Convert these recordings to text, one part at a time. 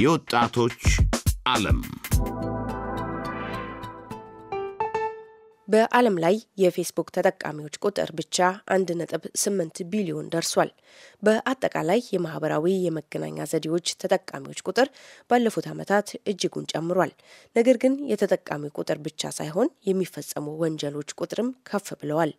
የወጣቶች ዓለም በዓለም ላይ የፌስቡክ ተጠቃሚዎች ቁጥር ብቻ 1.8 ቢሊዮን ደርሷል። በአጠቃላይ የማህበራዊ የመገናኛ ዘዴዎች ተጠቃሚዎች ቁጥር ባለፉት ዓመታት እጅጉን ጨምሯል። ነገር ግን የተጠቃሚ ቁጥር ብቻ ሳይሆን የሚፈጸሙ ወንጀሎች ቁጥርም ከፍ ብለዋል።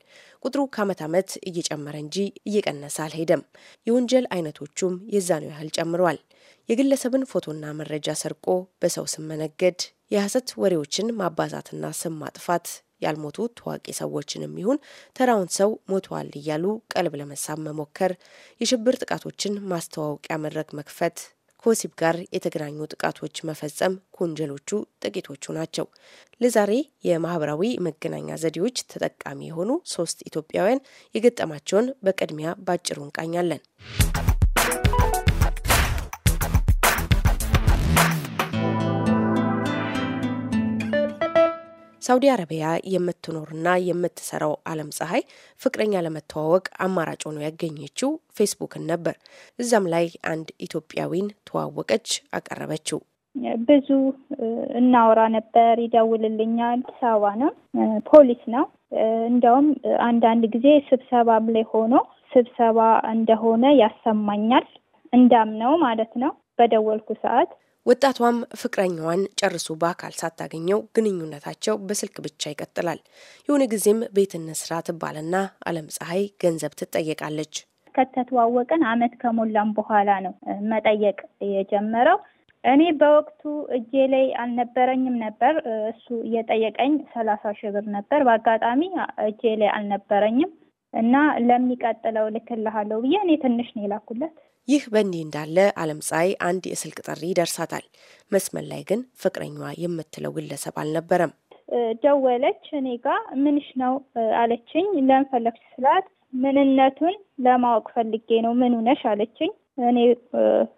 ቁጥሩ ከዓመት ዓመት እየጨመረ እንጂ እየቀነሰ አልሄደም። የወንጀል አይነቶቹም የዛኑ ያህል ጨምረዋል። የግለሰብን ፎቶና መረጃ ሰርቆ በሰው ስም መነገድ፣ የሐሰት ወሬዎችን ማባዛትና ስም ማጥፋት ያልሞቱ ታዋቂ ሰዎችንም ይሁን ተራውን ሰው ሞተዋል እያሉ ቀልብ ለመሳብ መሞከር፣ የሽብር ጥቃቶችን ማስተዋወቂያ መድረክ መክፈት፣ ከወሲብ ጋር የተገናኙ ጥቃቶች መፈጸም ከወንጀሎቹ ጥቂቶቹ ናቸው። ለዛሬ የማህበራዊ መገናኛ ዘዴዎች ተጠቃሚ የሆኑ ሶስት ኢትዮጵያውያን የገጠማቸውን በቅድሚያ ባጭሩ እንቃኛለን። ሳውዲ አረቢያ የምትኖርና የምትሰራው አለም ፀሐይ ፍቅረኛ ለመተዋወቅ አማራጭ ሆኖ ያገኘችው ፌስቡክን ነበር። እዛም ላይ አንድ ኢትዮጵያዊን ተዋወቀች፣ አቀረበችው። ብዙ እናወራ ነበር። ይደውልልኛል። አዲስ አበባ ነው፣ ፖሊስ ነው። እንደውም አንዳንድ ጊዜ ስብሰባም ላይ ሆኖ ስብሰባ እንደሆነ ያሰማኛል፣ እንዳምነው ማለት ነው በደወልኩ ሰዓት ወጣቷም ፍቅረኛዋን ጨርሶ በአካል ሳታገኘው ግንኙነታቸው በስልክ ብቻ ይቀጥላል። የሆነ ጊዜም ቤት እንስራ ትባልና አለም ፀሐይ ገንዘብ ትጠየቃለች። ከተተዋወቀን አመት ከሞላም በኋላ ነው መጠየቅ የጀመረው። እኔ በወቅቱ እጄ ላይ አልነበረኝም ነበር። እሱ እየጠየቀኝ ሰላሳ ሺህ ብር ነበር። በአጋጣሚ እጄ ላይ አልነበረኝም እና ለሚቀጥለው ልክልሃለሁ ብዬ እኔ ትንሽ ነው የላኩለት ይህ በእንዲህ እንዳለ አለም ፀሐይ አንድ የስልክ ጥሪ ይደርሳታል። መስመር ላይ ግን ፍቅረኛዋ የምትለው ግለሰብ አልነበረም። ደወለች እኔ ጋ ምንሽ ነው አለችኝ። ለምን ፈለግሽ ስላት ምንነቱን ለማወቅ ፈልጌ ነው ምኑ ነሽ አለችኝ። እኔ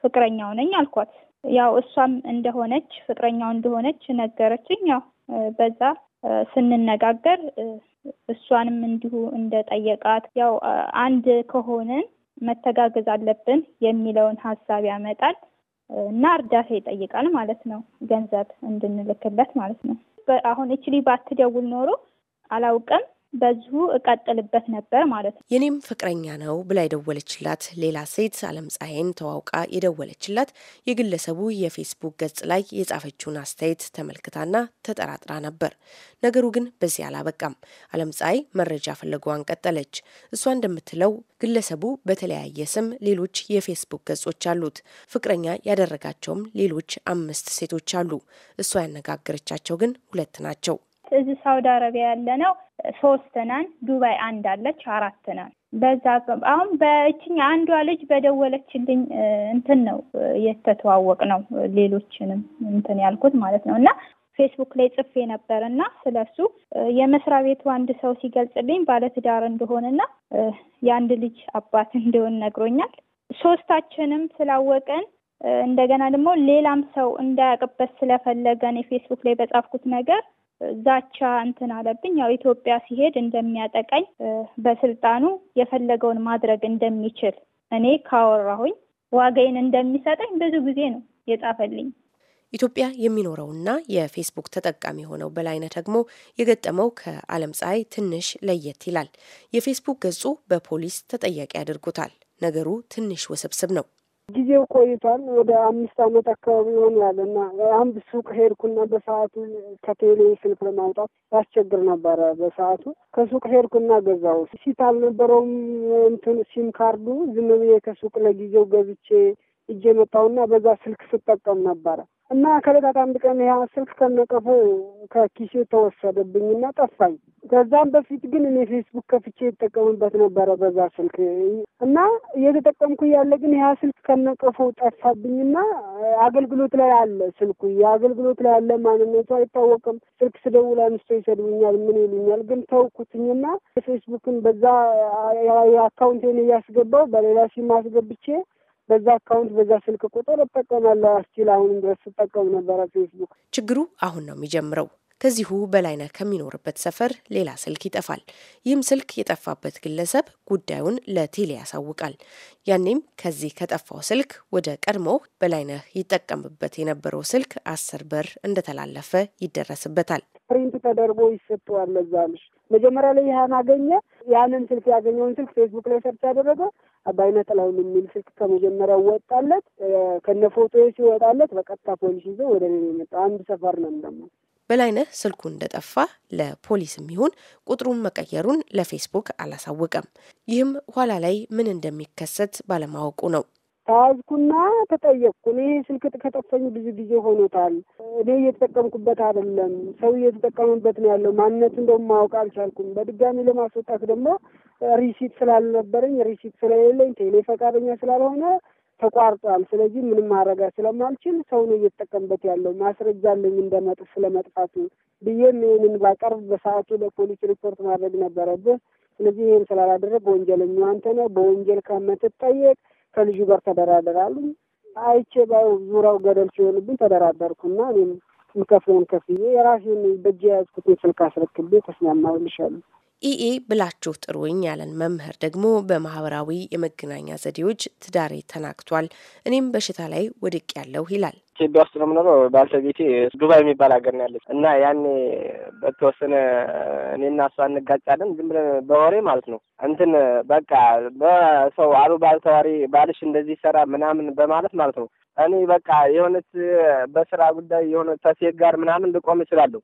ፍቅረኛው ነኝ አልኳት። ያው እሷም እንደሆነች ፍቅረኛው እንደሆነች ነገረችኝ። ያው በዛ ስንነጋገር እሷንም እንዲሁ እንደጠየቃት ያው አንድ ከሆንን መተጋገዝ አለብን የሚለውን ሀሳብ ያመጣል እና እርዳታ ይጠይቃል ማለት ነው። ገንዘብ እንድንልክለት ማለት ነው። አሁን እችሊ ባትደውል ኖሮ አላውቅም በዚሁ እቀጥልበት ነበር ማለት ነው። የኔም ፍቅረኛ ነው ብላ የደወለችላት ሌላ ሴት አለም ፀሐይን ተዋውቃ የደወለችላት የግለሰቡ የፌስቡክ ገጽ ላይ የጻፈችውን አስተያየት ተመልክታና ተጠራጥራ ነበር። ነገሩ ግን በዚህ አላበቃም። አለም ፀሐይ መረጃ ፈለጓን ቀጠለች። እሷ እንደምትለው ግለሰቡ በተለያየ ስም ሌሎች የፌስቡክ ገጾች አሉት። ፍቅረኛ ያደረጋቸውም ሌሎች አምስት ሴቶች አሉ። እሷ ያነጋገረቻቸው ግን ሁለት ናቸው። እዚህ ሳውዲ አረቢያ ያለነው ሶስት ነን። ዱባይ አንድ አለች፣ አራት ነን። በዛ አሁን በእችኛ አንዷ ልጅ በደወለችልኝ እንትን ነው የተተዋወቅ ነው። ሌሎችንም እንትን ያልኩት ማለት ነው እና ፌስቡክ ላይ ጽፌ ነበር እና ስለሱ የመስሪያ ቤቱ አንድ ሰው ሲገልጽልኝ ባለትዳር እንደሆንና የአንድ ልጅ አባት እንደሆን ነግሮኛል። ሶስታችንም ስላወቀን እንደገና ደግሞ ሌላም ሰው እንዳያውቅበት ስለፈለገን የፌስቡክ ላይ በጻፍኩት ነገር ዛቻ እንትን አለብኝ። ያው ኢትዮጵያ ሲሄድ እንደሚያጠቃኝ በስልጣኑ የፈለገውን ማድረግ እንደሚችል እኔ ካወራሁኝ ዋጋዬን እንደሚሰጠኝ ብዙ ጊዜ ነው የጻፈልኝ። ኢትዮጵያ የሚኖረውና የፌስቡክ ተጠቃሚ የሆነው በላይነ ደግሞ የገጠመው ከዓለም ፀሐይ ትንሽ ለየት ይላል። የፌስቡክ ገጹ በፖሊስ ተጠያቂ አድርጎታል። ነገሩ ትንሽ ውስብስብ ነው። ጊዜው ቆይቷል። ወደ አምስት ዓመት አካባቢ ይሆናል እና አንድ ሱቅ ሄድኩና በሰዓቱ ከቴሌ ስልክ ለማውጣት ያስቸግር ነበረ። በሰዓቱ ከሱቅ ሄድኩና ገዛው። ሲት አልነበረውም። እንትን ሲም ካርዱ ዝም ብዬ ከሱቅ ለጊዜው ገዝቼ እጅ የመጣውና በዛ ስልክ ስጠቀም ነበረ እና ከዕለታት አንድ ቀን ያ ስልክ ከነቀፉ ከኪሴ ተወሰደብኝና ጠፋኝ። ከዛም በፊት ግን እኔ ፌስቡክ ከፍቼ የተጠቀምበት ነበረ በዛ ስልክ እና እየተጠቀምኩ ያለ ግን ያ ስልክ ከነቀፉ ጠፋብኝና አገልግሎት ላይ አለ ስልኩ የአገልግሎት ላይ አለ ማንነቱ አይታወቅም። ስልክ ስደውል አንስቶ ይሰድቡኛል፣ ምን ይሉኛል። ግን ተውኩትኝና ፌስቡክን በዛ አካውንቴን እያስገባው በሌላ ሲም አስገብቼ በዛ አካውንት በዛ ስልክ ቁጥር እጠቀማለሁ። አስችል አሁንም ድረስ ስጠቀሙ ነበረ ፌስቡክ። ችግሩ አሁን ነው የሚጀምረው። ከዚሁ በላይነህ ከሚኖርበት ሰፈር ሌላ ስልክ ይጠፋል። ይህም ስልክ የጠፋበት ግለሰብ ጉዳዩን ለቴሌ ያሳውቃል። ያኔም ከዚህ ከጠፋው ስልክ ወደ ቀድሞው በላይነህ ይጠቀምበት የነበረው ስልክ አስር በር እንደተላለፈ ይደረስበታል። ፕሪንት ተደርጎ ይሰጠዋል። ለዛ ልጅ መጀመሪያ ላይ ይህን አገኘ። ያንን ስልክ ያገኘውን ስልክ ፌስቡክ ላይ ሰርች ያደረገ አባይነህ ጥላሁን የሚል ስልክ ከመጀመሪያው ወጣለት። ከነ ፎቶ ሲወጣለት በቀጥታ ፖሊስ ይዞ ወደ እኔ የመጣ አንድ ሰፈር ነን ደግሞ በላይነህ ስልኩ እንደጠፋ ለፖሊስም ይሁን ቁጥሩን መቀየሩን ለፌስቡክ አላሳወቀም። ይህም ኋላ ላይ ምን እንደሚከሰት ባለማወቁ ነው። ታዝኩና ተጠየቅኩ። እኔ ስልክ ከጠፈኝ ብዙ ጊዜ ሆኖታል። እኔ እየተጠቀምኩበት አይደለም፣ ሰው እየተጠቀምበት ነው ያለው። ማንነቱ እንደውም ማወቅ አልቻልኩም። በድጋሚ ለማስወጣት ደግሞ ሪሲት ስላልነበረኝ ሪሲት ስለሌለኝ ቴሌ ፈቃደኛ ስላልሆነ ተቋርጧል። ስለዚህ ምንም ማድረግ ስለማልችል ሰው ነው እየተጠቀምበት ያለው ማስረጃ አለኝ እንደመጥ ስለመጥፋቱ ብዬም ይህንን ባቀርብ በሰዓቱ ለፖሊስ ሪፖርት ማድረግ ነበረብህ። ስለዚህ ይህን ስላላደረግ ወንጀለኛ አንተ ነህ፣ በወንጀል ከምትጠየቅ ከልጁ ጋር ተደራደራሉ። አይቼ ባዩ ዙሪያው ገደል ሲሆንብኝ ተደራደርኩና እኔም ምከፍለውን ከፍዬ የራሴን በእጅ የያዝኩትን ስልክ አስረክቤ ተስማማልሻሉ። ኢኤ ብላችሁ ጥሩኝ ያለን መምህር ደግሞ በማህበራዊ የመገናኛ ዘዴዎች ትዳሬ ተናግቷል፣ እኔም በሽታ ላይ ወድቅ ያለው ይላል። ኢትዮጵያ ውስጥ ነው የምኖረው። ባለቤቴ ዱባይ የሚባል ሀገር ነው ያለች እና ያኔ በተወሰነ እኔና እሷ እንጋጫለን፣ ዝም ብለን በወሬ ማለት ነው። እንትን በቃ በሰው አሉ ባልተዋሪ ባልሽ እንደዚህ ይሰራ ምናምን በማለት ማለት ነው። እኔ በቃ የሆነች በስራ ጉዳይ የሆነ ከሴት ጋር ምናምን ልቆም እችላለሁ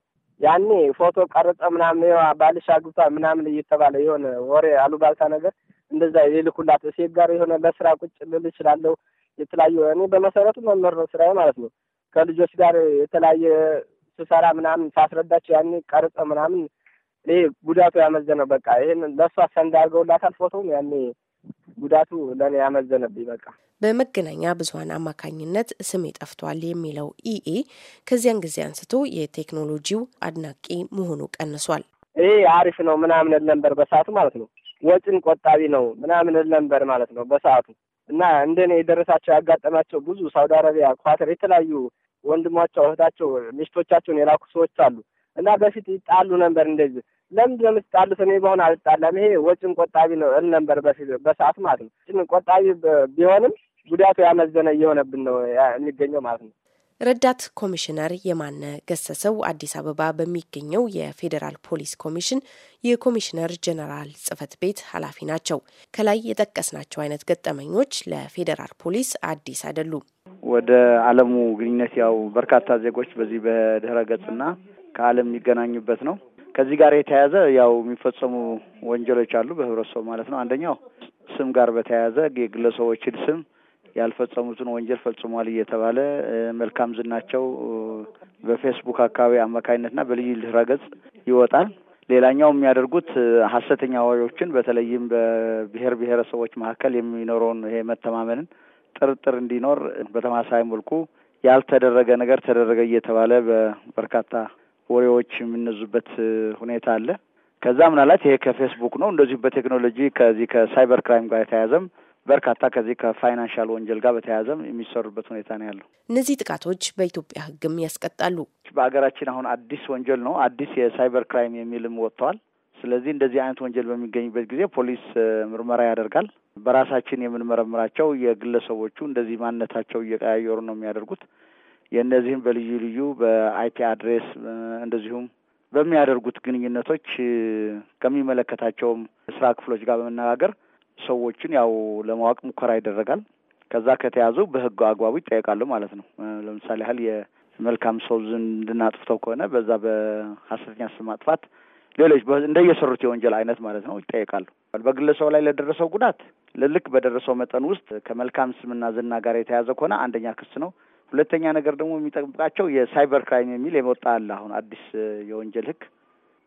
ያኔ ፎቶ ቀረጸ ምናምን ይኸው ባልሽ አግብቷ ምናምን እየተባለ የሆነ ወሬ አሉባልታ ነገር እንደዛ ይልኩላት እሴት ጋር የሆነ ለስራ ቁጭ ልል እችላለሁ። የተለያዩ እኔ በመሰረቱ መምህር ነው ስራዬ ማለት ነው። ከልጆች ጋር የተለያየ ስሰራ ምናምን ሳስረዳቸው ያኔ ቀርጸ ምናምን ይሄ ጉዳቱ ያመዘነው በቃ ይህን ለእሷ ሰንድ አድርገውላታል ፎቶውን ያኔ ጉዳቱ ለእኔ ያመዘነብኝ በቃ በመገናኛ ብዙኃን አማካኝነት ስሜ ጠፍቷል የሚለው ኢኤ ከዚያን ጊዜ አንስቶ የቴክኖሎጂው አድናቂ መሆኑ ቀንሷል። ይሄ አሪፍ ነው ምናምን እል ነበር በሰዓቱ ማለት ነው። ወጭን ቆጣቢ ነው ምናምን እል ነበር ማለት ነው በሰዓቱ እና እንደኔ የደረሳቸው ያጋጠማቸው ብዙ ሳውዲ አረቢያ፣ ኳተር የተለያዩ ወንድሟቸው እህታቸው፣ ሚስቶቻቸውን የላኩ ሰዎች አሉ እና በፊት ይጣሉ ነበር እንደዚህ ለምንድን ነው የምትጣሉት? እኔ በሆነ አልጣላም። ይሄ ወጭን ቆጣቢ ነው እል ነበር በፊት በሰዓት ማለት ነው። ወጭን ቆጣቢ ቢሆንም ጉዳቱ ያመዘነ እየሆነብን ነው የሚገኘው ማለት ነው። ረዳት ኮሚሽነር የማነ ገሰሰው አዲስ አበባ በሚገኘው የፌዴራል ፖሊስ ኮሚሽን የኮሚሽነር ጀነራል ጽህፈት ቤት ኃላፊ ናቸው። ከላይ የጠቀስናቸው አይነት ገጠመኞች ለፌዴራል ፖሊስ አዲስ አይደሉም። ወደ ዓለሙ ግንኙነት ያው በርካታ ዜጎች በዚህ በድህረ ገጽና ከዓለም የሚገናኙበት ነው። ከዚህ ጋር የተያያዘ ያው የሚፈጸሙ ወንጀሎች አሉ በህብረተሰቡ ማለት ነው። አንደኛው ስም ጋር በተያያዘ የግለሰቦችን ስም ያልፈጸሙትን ወንጀል ፈጽሟል እየተባለ መልካም ዝናቸው በፌስቡክ አካባቢ አማካኝነትና በልዩ ድረገጽ ይወጣል። ሌላኛው የሚያደርጉት ሀሰተኛ ወሬዎችን በተለይም በብሔር ብሔረሰቦች መካከል የሚኖረውን ይሄ መተማመንን ጥርጥር እንዲኖር በተማሳይ መልኩ ያልተደረገ ነገር ተደረገ እየተባለ በበርካታ ወሬዎች የሚነዙበት ሁኔታ አለ። ከዛ ምናልባት ይሄ ከፌስቡክ ነው። እንደዚሁ በቴክኖሎጂ ከዚህ ከሳይበር ክራይም ጋር የተያያዘም በርካታ ከዚህ ከፋይናንሻል ወንጀል ጋር በተያያዘም የሚሰሩበት ሁኔታ ነው ያለው። እነዚህ ጥቃቶች በኢትዮጵያ ሕግም ያስቀጣሉ። በሀገራችን አሁን አዲስ ወንጀል ነው አዲስ የሳይበር ክራይም የሚልም ወጥተዋል። ስለዚህ እንደዚህ አይነት ወንጀል በሚገኝበት ጊዜ ፖሊስ ምርመራ ያደርጋል። በራሳችን የምንመረምራቸው የግለሰቦቹ እንደዚህ ማንነታቸው እየቀያየሩ ነው የሚያደርጉት። የእነዚህም በልዩ ልዩ በአይፒ አድሬስ እንደዚሁም በሚያደርጉት ግንኙነቶች ከሚመለከታቸውም ስራ ክፍሎች ጋር በመነጋገር ሰዎችን ያው ለማወቅ ሙከራ ይደረጋል። ከዛ ከተያዙ በህግ አግባቡ ይጠየቃሉ ማለት ነው። ለምሳሌ ያህል የመልካም ሰው ዝምድና አጥፍተው ከሆነ በዛ በሀሰተኛ ስም ማጥፋት፣ ሌሎች እንደየሰሩት የወንጀል አይነት ማለት ነው ይጠየቃሉ። በግለሰቡ ላይ ለደረሰው ጉዳት ልክ በደረሰው መጠን ውስጥ ከመልካም ስምና ዝና ጋር የተያዘ ከሆነ አንደኛ ክስ ነው። ሁለተኛ ነገር ደግሞ የሚጠብቃቸው የሳይበር ክራይም የሚል የመጣ አለ አሁን አዲስ የወንጀል ህግ።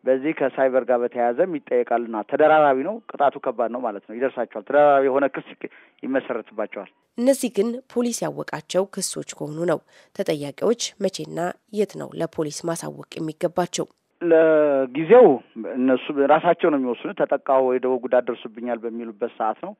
በዚህ ከሳይበር ጋር በተያያዘም ይጠየቃልና ተደራራቢ ነው። ቅጣቱ ከባድ ነው ማለት ነው። ይደርሳቸዋል። ተደራራቢ የሆነ ክስ ይመሰረትባቸዋል። እነዚህ ግን ፖሊስ ያወቃቸው ክሶች ከሆኑ ነው። ተጠያቂዎች መቼና የት ነው ለፖሊስ ማሳወቅ የሚገባቸው? ለጊዜው እነሱ ራሳቸው ነው የሚወስኑት። ተጠቃው ወይ ደግሞ ጉዳት ደርሱብኛል በሚሉበት ሰዓት ነው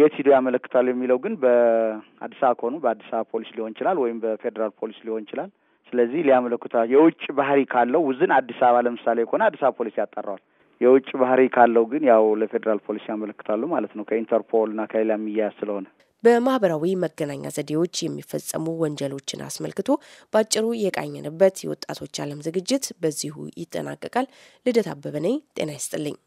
የት ሂዶ ያመለክታሉ የሚለው ግን በአዲስ አበባ ከሆኑ በአዲስ አበባ ፖሊስ ሊሆን ይችላል፣ ወይም በፌዴራል ፖሊስ ሊሆን ይችላል። ስለዚህ ሊያመለክቱ የውጭ ባህሪ ካለው ውዝን አዲስ አበባ ለምሳሌ ከሆነ አዲስ አበባ ፖሊስ ያጠራዋል። የውጭ ባህሪ ካለው ግን ያው ለፌዴራል ፖሊስ ያመለክታሉ ማለት ነው። ከኢንተርፖል እና ከሌላ የሚያያዝ ስለሆነ በማህበራዊ መገናኛ ዘዴዎች የሚፈጸሙ ወንጀሎችን አስመልክቶ በአጭሩ የቃኘንበት የወጣቶች ዓለም ዝግጅት በዚሁ ይጠናቀቃል። ልደት አበበ ነኝ። ጤና ይስጥልኝ።